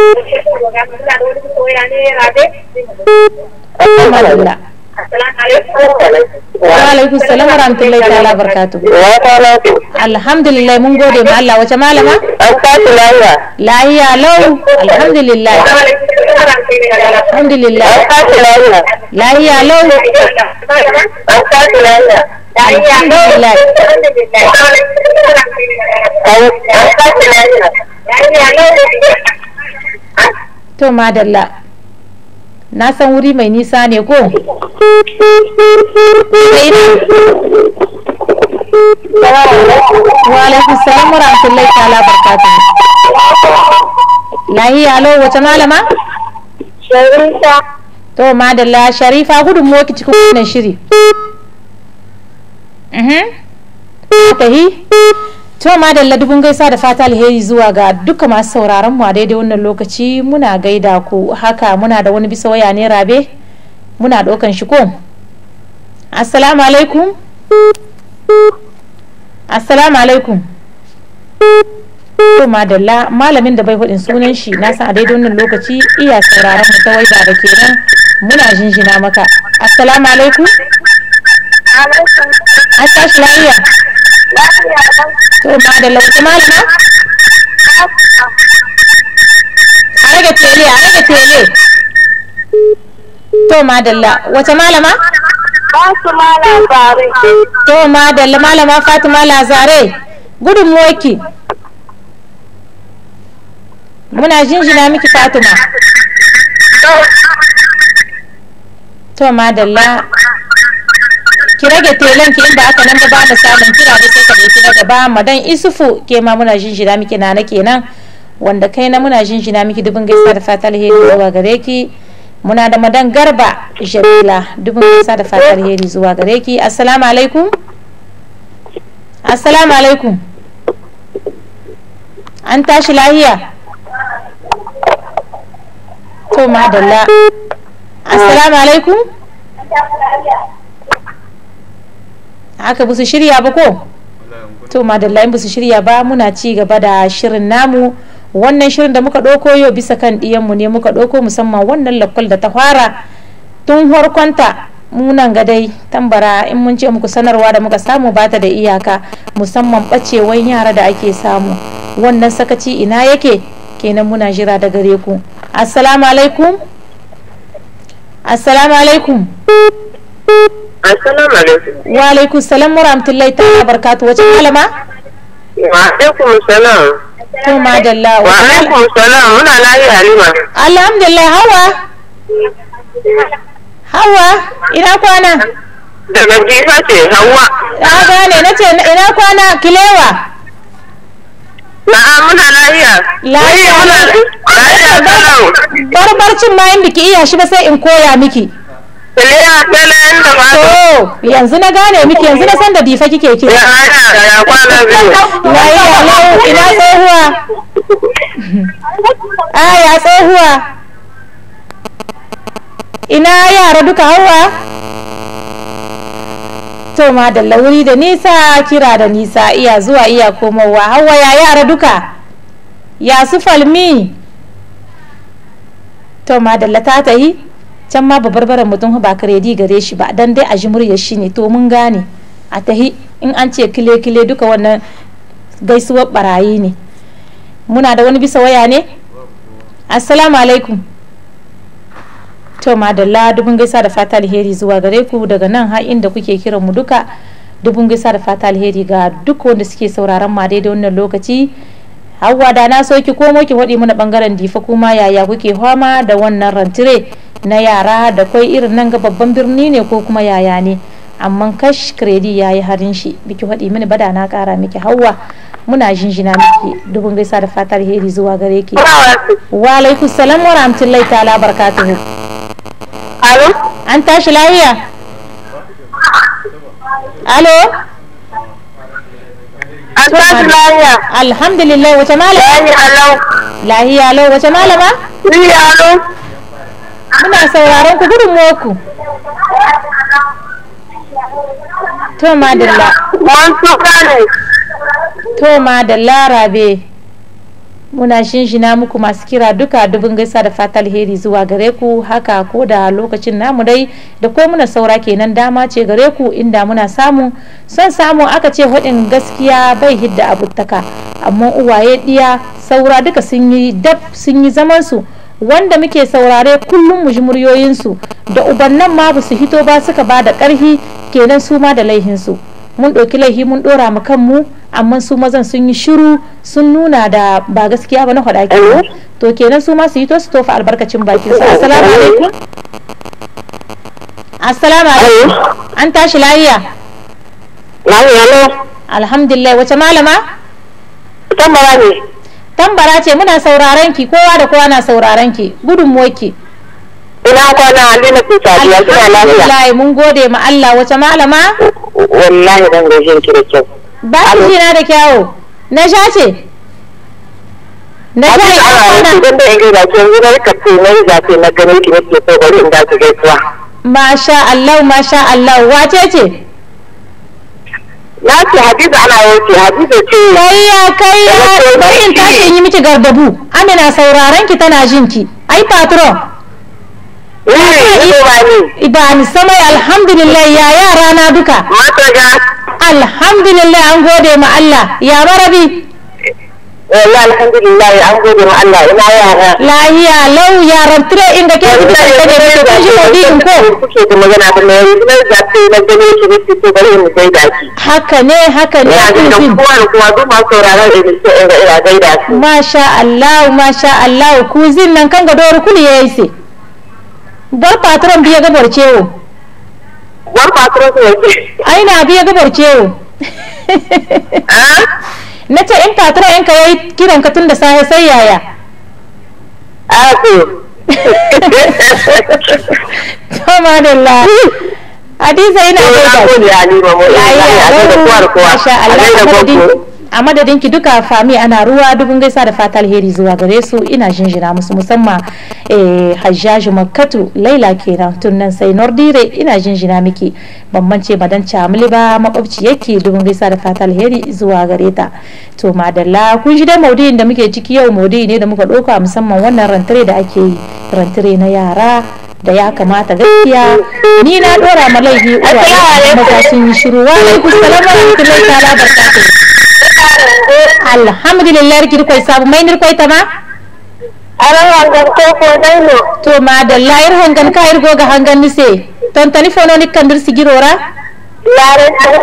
alaikum السلام عليكم السلام ورحمة الله تعالى وبركاته. الحمد لله من قول يا معلم وشمالها؟ أستاذ لا هي لا هي لو الحمد لله. الحمد لله. أستاذ لا هي لا هي لو أستاذ لا هي الحمد لله. أستاذ لا هي لا هي لو تو ما دلع na san wuri mai nisa ne ko wa alaikun salam wa rahmatullahi ta'ala barkatu lahiya alo wace malama sharifa to madalla sharifa gudun moki cikin wannan shiri ta mhm. tahi To madalla dubun gaisa da fata alheri zuwa ga duka masu sauraron mu a daidai wannan lokaci muna gaida ku haka muna da wani bisa waya ne rabe muna ɗaukan shi ko. Assalamu alaikum. Assalamu alaikum. To madalla malamin da bai hudin sunan shi na san a daidai wannan lokaci iya sauraron mu ta waida da kenan muna jinjina maka. Assalamu alaikum. An tashi lafiya. To ba da lauce malama? A rage tele, a rage tele. To madalla, wace malama? Fatima Lazare. To madalla malama Fatima Lazare. Gudun moki. Muna jinjina miki Fatima. To madalla kira da telan ki inda aka nan da ba mu samun kira da sai ka dauki na gaba madan isufu ke ma muna jinjina miki na na kenan wanda kai na muna jinjina miki dubin gaisa da fata alheri zuwa gare ki muna da madan garba jamila dubin gaisa da fata alheri zuwa gare ki assalamu alaikum assalamu alaikum an tashi lahiya to madalla assalamu alaikum haka busu shirya ba ko to madalla in busu shirya ba muna ci gaba da shirin namu wannan shirin da muka ɗauko yau bisa kan ɗiyanmu ne muka ɗauko musamman wannan lakwal da ta fara tun harkonta munan gadai tambara in mun ce muku sanarwa da muka samu ba ta da iyaka musamman ɓacewan yara da ake samu wannan sakaci ina yake kenan muna jira da gare ku assalamu alaikum assalamu alaikum Assalamu alaikum. Wa alaikum salam wa rahmatullahi ta'ala barkatu wace malama? Wa alaikum salam. To madalla. Wa alaikum salam muna lafiya Halima. Alhamdulillah hawa. Hawa ina kwana? Daga jifa ce hawa. Na gane na ce ina kwana kilewa. Na'am muna lafiya. Lafiya muna lafiya. Barbarcin ma yin biki iya shi ba sai in koya miki. To yanzu na gane miki yanzu na san da difa kike kira. Ya kwana biyu. ina tsohuwa. Ah ya tsohuwa. Ina yara duka hawa? To ma wuri da nisa kira da nisa iya zuwa iya komowa hawa ya yara duka. Ya su falmi. To ma ta yi. can ma babarbaran mutum ba kredi gare shi ba dan dai a ji murya shi ne to mun gane a tahi in an ce kile kile duka wannan gaisuwar barayi ne muna da wani bisa waya ne assalamu alaikum to madalla dubun gaisa da fata alheri zuwa gare ku daga nan har inda kuke kiran mu duka dubun gaisa da fata alheri ga duk wanda suke sauraron ma daidai wannan lokaci hawa da na soki ki komo ki faɗi mana bangaren difa kuma yaya kuke hama da wannan rantire na yara da kwai irin nan ga babban birni ne ko kuma yaya ne amma kash kredi ya yi harin shi biki faɗi mini bada na ƙara miki hawa muna jinjina miki dubin gaisa da fatar heri zuwa gare ki wa alaikum salam wa rahmatullahi ta'ala barakatuhu alo an tashi lafiya alo an tashi lafiya alhamdulillah wace malama lahiya lau wace malama lahiya lau muna sauraron ku gudun moku to madalla to madalla rabe muna shinshina muku masu kira duka dubin gaisa da fatal heri zuwa gare ku haka ko da lokacin namu dai da ko muna saura kenan dama ce gare ku inda muna samu son samu aka ce hudin gaskiya bai hidda abutaka amma uwaye diya saura duka sun yi dab zaman su wanda muke saurare kullum mu ji muryoyinsu da ubannan ma ba su hito ba suka ba da ƙarfi kenan su ma da laihinsu mun ɗauki laihi mun ɗora mu kanmu amma su mazan sun yi shiru sun nuna da ba gaskiya ba na faɗa to kenan su ma su hito su tofa albarkacin bakin su assalamu alaikum assalamu alaikum an tashi lafiya lafiya alhamdulillah wace malama mara ne tambara ce muna sauraron ki kowa da kowa na sauraron ki gudunmuwar ina kwana halina ku sadiya suna lafiya wallahi mun gode ma Allah wace malama wallahi dan gojin ki da kyau ba ki na da kyawu na sha ce na sha ina kwana idan da yanzu da kin zuwa ka ce na yi zafi na ganin ki ne so bari in da su gaisuwa masha Allah masha Allah wace ce na ce hadiza ana wuce hadiza ce kayya kayya bari in tashi yi miki gardabu amina sauraron ki tana jin ki ai patron eh, Ibani sama alhamdulillah ya yara na duka. Alhamdulillah an gode ma Allah ya marabi wallahi alhamdulillah an gode ma Allah ina yara lahiya lau yaran tire inda ke da take da ke da shi wadi in ko kuke da magana da mai na zafi na gani ki ne ki ko bari mu gaida ki haka ne haka ne ya da kowa da kowa duk masu sauraron da ke ira ira gaida ki masha Allah masha Allah ku zin nan kan ga dor kuli yayi se bar patron biya gabar cewo bar patron ko ai na biya gabar cewo na ce in katura in ka wai kiran ka tun da sai sai yaya ko. to madalla hadiza ina da ya ni mamu ya ya da a kowa da Allah a madadin ki duka fami ana ruwa dubun gaisa da fata heri zuwa gare su ina jinjina musu musamman eh hajjaji makkatu laila kenan tun nan sai nordire ina jinjina miki bambance ce madan camili ba makwabci yake dubun gaisa da fata heri zuwa gare ta to madalla kun ji da maudu'in da muke ciki yau maudu'i ne da muka ɗauka musamman wannan rantare da ake yi rantare na yara da ya kamata gaskiya ni na dora ma laifi uwa maza sun yi shiru wa alaikum salam wa rahmatullahi ta'ala barakatuh alhamdulillah kiri kau sabu main kiri kau tama ala wangan kau kau dah to Tu mada lahir hangan kau ir gua hangan ni se Tuan tani phone ni kandir sigirora lare tango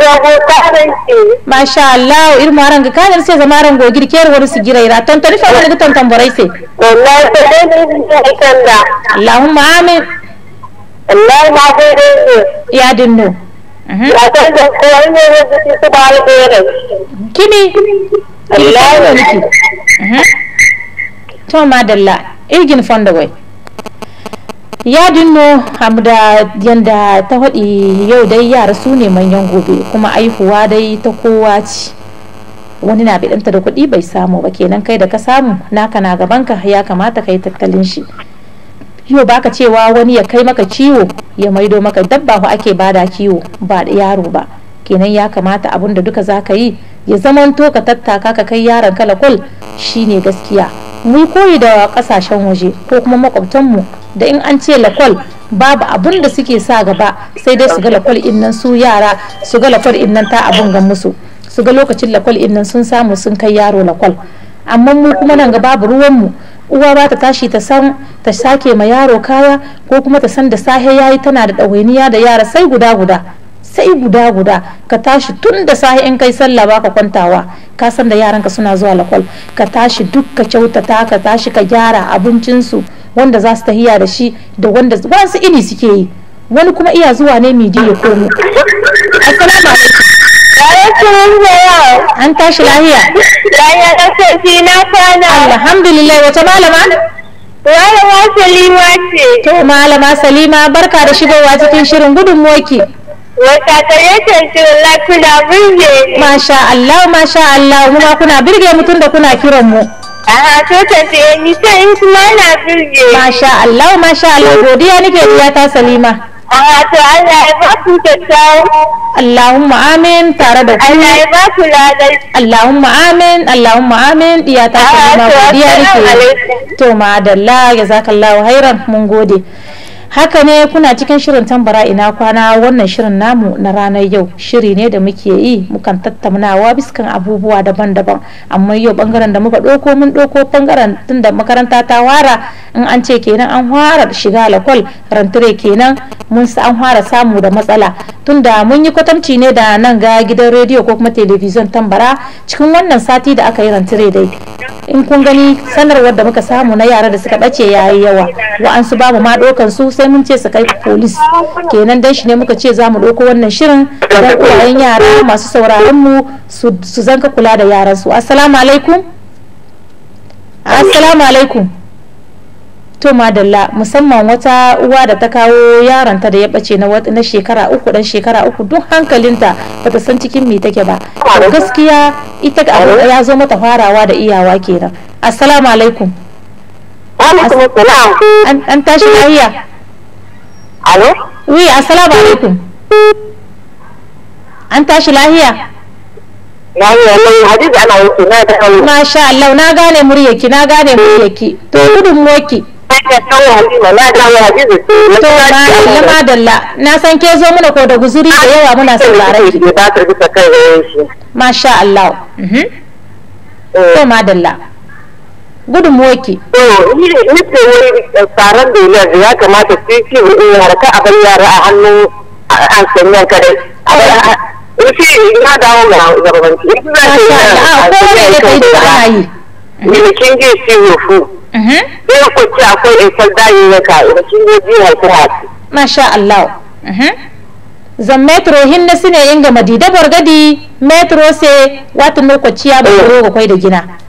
ta ranki masha Allah iru marang kau kandur se zamarang go gir ker wor sigira ira Tuan tani phone ni ton tamborai se wallahi to dai ni kanda allahumma amin allah ma ya dinno Uh-huh. Uh-huh. Ya dinno hamda yanda ta haɗi yau dai yara su ne manyan gobe kuma aihuwa dai ta kowa ce. Wani na bidanta da kuɗi bai samu ba kenan kai da ka samu naka na gabanka ya kamata ka yi tattalin shi. yau baka cewa wani ya kai maka ciwo ya maido maka dabba ko ake bada kiwo ba da yaro ba kenan ya kamata abun da duka zaka yi ya to ka tattaka ka kai yaron kala kwal shine gaskiya mu koyi da kasashen waje ko kuma makwabtanmu da in an ce lakwal babu abun da suke sa gaba sai dai su ga lakwal innan su yara su ga lakwal innan ta abun gan musu su ga lokacin lakwal innan sun samu sun kai yaro lakwal amma mu kuma nan ga babu ruwanmu uwa ba ta tashi ta san ta sake ma yaro kaya ko kuma ta san da sahe yi tana da ɗawainiya da yara sai guda guda sai guda guda ka tashi tun da sahe in kai sallah ba ka kwantawa ka san da yaranka suna zuwa lakwal ka tashi duk ka kyautata ka tashi ka gyara abincinsu wanda za su tahiya da shi da wanda wasu iri suke yi wani kuma iya zuwa ne midi ya komo An tashi lahiya? Lahiya ɗaukar fi na kwana. Alhamdulillah wata malama? Malama Salima ce. To malama Salima barka da shigowa cikin shirin gudun moki. Wata tarayyar Allah kuna birge. Masha Allah, masha Allah, kuma kuna birge mutum da kuna kiran mu. Aha, to tafiye ni ta in kuma na birge. Masha Allah, masha Allah, godiya nake ta Salima. Wato Allah ya ba ku kyakkyawan. Allahumma amin tare da ku. Allah ya ba ku ladai. Allahumma amin, Allahumma amin, diya ta kuma godiya rike. To madalla ya zaka Allah hairan mun gode. haka ne kuna cikin shirin tambara ina kwana wannan shirin namu na ranar yau shiri ne da muke yi mukan tattaunawa biskan abubuwa daban-daban amma yau bangaren da muka ɗauko mun ɗauko bangaren tun da makaranta ta wara in an ce kenan an fara shiga lakol rantare kenan mun an fara samu da matsala tun da mun yi kwatanci ne da nan ga gidan rediyo ko kuma telebijin tambara cikin wannan sati da aka yi rantare dai in kun gani sanarwar da muka samu na yara da suka ɓace yayi yawa wa'ansu babu ma ɗaukan su sai mun ce su kai polis kenan dan shi ne muka ce za mu ɗauko wannan shirin don uwayen yara masu sauraron mu su zanka kula da yaran su assalamu alaikum assalamu alaikum to madalla musamman wata uwa da ta kawo yaranta da ya bace na na shekara uku dan shekara uku duk hankalinta ba ta san cikin me take ba to gaskiya ita ya zo mata farawa da iyawa kenan assalamu alaikum an tashi lafiya Alo? Oui, assalamu alaikum. An tashi lahiya? Lahiya sai Hadiza ana wuce na da kawo. Masha Allah, na gane muryarki, na gane muryarki. To gudun moki. To ma ma madalla, na san ke zo muna ko da guzuri da yawa muna sauraron ki. Masha Allah. Mhm. To ma madalla. gudun moki. To ni nake wani eh, tsaron da ya kamata su ci yara ka a bar yara a hannun an sanya kadai. Rufi na dawo ga zababanci. Masha Allah, ya kai da ana yi. Ni kin je ciwo fu. Mhm. Sai ku ci akwai isar dayi ya ka, ina kin je a kuma. Masha Allah. Mhm. zan metro na sine inga madida borgadi metro se watan lokaci ya ba eh. ga kwai da gina.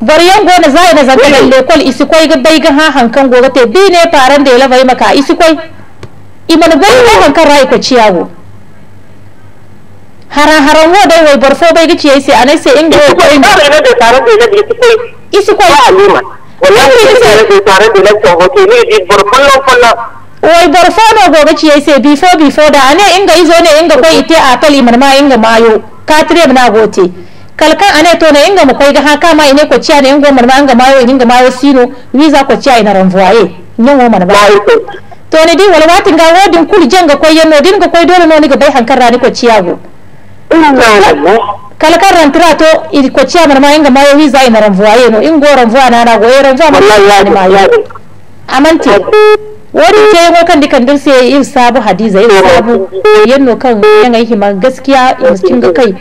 bariyan gona zai na zanga da lekol kwai ga bai ga ha hankan gobe te bi ne faran da ya labai maka kwai iman bai ne hankan rai ko ciyawo hara haran wo dai wai borfo bai ga a sai anai sai inga ko inga ba ne da faran da ya kwai isikoi ba alima wallahi sai da faran da ya hoto ne di borfo kwallon falla wai borfo no gobe ciyai sai bifo bifo da in inga izo ne inga kwai ite a tali man ma inga mayo katire na gote kalka ane to na inga mukoi ga haka ma ine ko ciya ne ngo man ma nga mayo inga mayo sino visa ko ciya ina ranvoye nyongo man ba to ne di wala watin ga wodin kul jenga koy yanno din ga koy dole no ni ga bai hankara ni ko ciya go kalka rantura to idi ko ciya man ma inga mayo visa ina ranvoye no ingo ranvoye na na go e ranvoye man wallahi ma ya amanti wari ke yango kan dikan ya e, yin e sabu hadiza yin e sabu yanno kan yanayi hima gaskiya muskin ga kai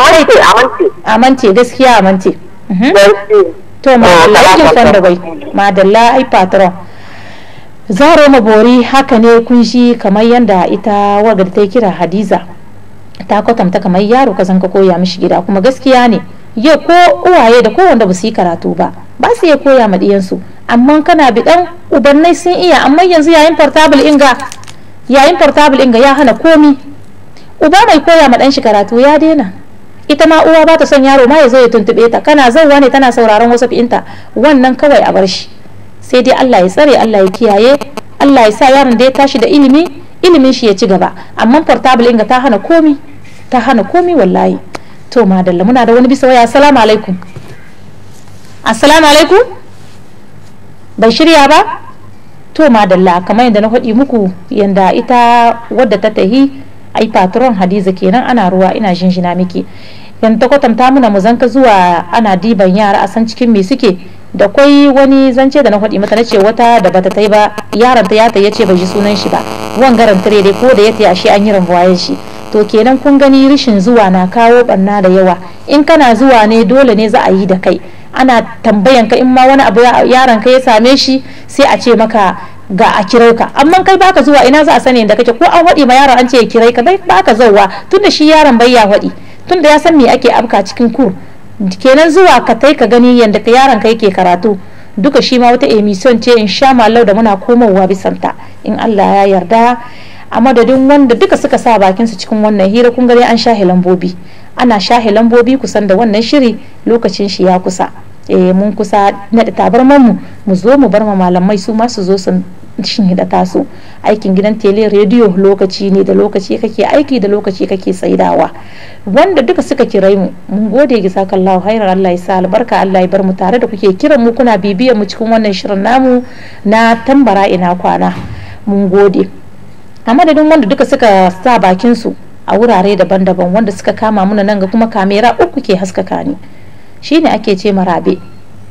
amince amance amance gaskiya amance mhm. to madalla aikin fandawai madalla ai patron zaro bori haka ne kunshi kamar yadda ita wagar ta kira hadiza ta kwatanta kamar yaro ka zanka koya mishi gida kuma gaskiya ne ya ko uwaye da ko wanda ba su yi karatu ba ba su yi koya ma diyansu amma kana bidan ubannai sun iya amma yanzu yayin portable inga yayin portable inga ya hana komi uba mai koya ma dan karatu ya daina ita ma uwa ba ta son yaro ma ya zo ya tuntube ta kana zauwa ne tana sauraron wasu fi'inta wannan kawai a bar shi sai dai Allah ya tsare Allah ya kiyaye Allah ya sa yaron da ya tashi da ilimi ilimin shi ya ci gaba amma portable inga ta hana komi ta hana komi wallahi to madalla muna da wani bisa waya assalamu alaikum assalamu alaikum bai shirya ba to madalla kamar yadda na faɗi muku yanda ita wadda ta tahi ai patron hadiza kenan ana ruwa ina jinjina miki yanzu ta kwatanta muna mu zanka zuwa ana diban yara a san cikin me suke da kwai wani zance da na faɗi mata nace wata da bata tai ba yaron ta ya ta yace bai ji sunan shi ba wangaren tare dai ko da ya tayi ashe an yi rambuwayen shi to kenan kun gani rishin zuwa na kawo ɓanna da yawa in kana zuwa ne dole ne za a yi da kai ana tambayan ka in ma wani abu yaron ka ya same shi sai a ce maka ga a kirai ka amma kai baka zuwa ina za a sani da kake ko an wadi ma yaron an ce ya kirai ka bai baka zauwa tunda shi yaron bai ya wadi tunda ya san me ake afka cikin kur kenan zuwa ka tai ka gani yanda ka yaron ka yake karatu duka shi ma wata emission ce in sha mallau da muna komowa ta in Allah ya yarda a madadin wanda duka suka sa bakin su cikin wannan hira kun gare an sha lambobi ana sha lambobi kusan da wannan shiri lokacin shi ya kusa eh mun kusa naɗa tabarmanmu mu zo mu bar ma malamai su ma su zo su shinhiɗa su aikin gidan tele rediyo lokaci ne da lokaci kake aiki da lokaci kake tsaidawa wanda duka suka kirai mu mun gode ga sakallahu hairar Allah ya sa albarka Allah ya bar mu tare da kuke kiran mu kuna bibiyar mu cikin wannan shirin namu na tambara ina kwana mun gode a madadin wanda duka suka sa bakin su a wurare daban-daban wanda suka kama muna nan ga kuma kamera uku ke haskaka ni shine ake ce marabe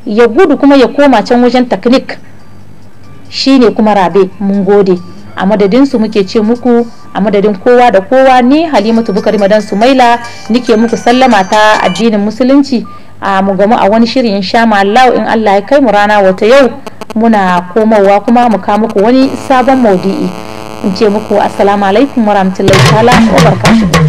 ya gudu kuma ya koma can wajen technique Shi ne kuma rabe mun gode a madadinsu muke ce muku a madadin kowa da kowa ni halimatu bukari madan sumaila nike muku sallama ta addinin musulunci a mu a wani shirin insha Allah in Allah ya kai mu rana wata yau muna komowa kuma mu ka muku wani sabon maudu'i in ce muku assalamu alaikum warahmatullahi ta'ala wa barakatuh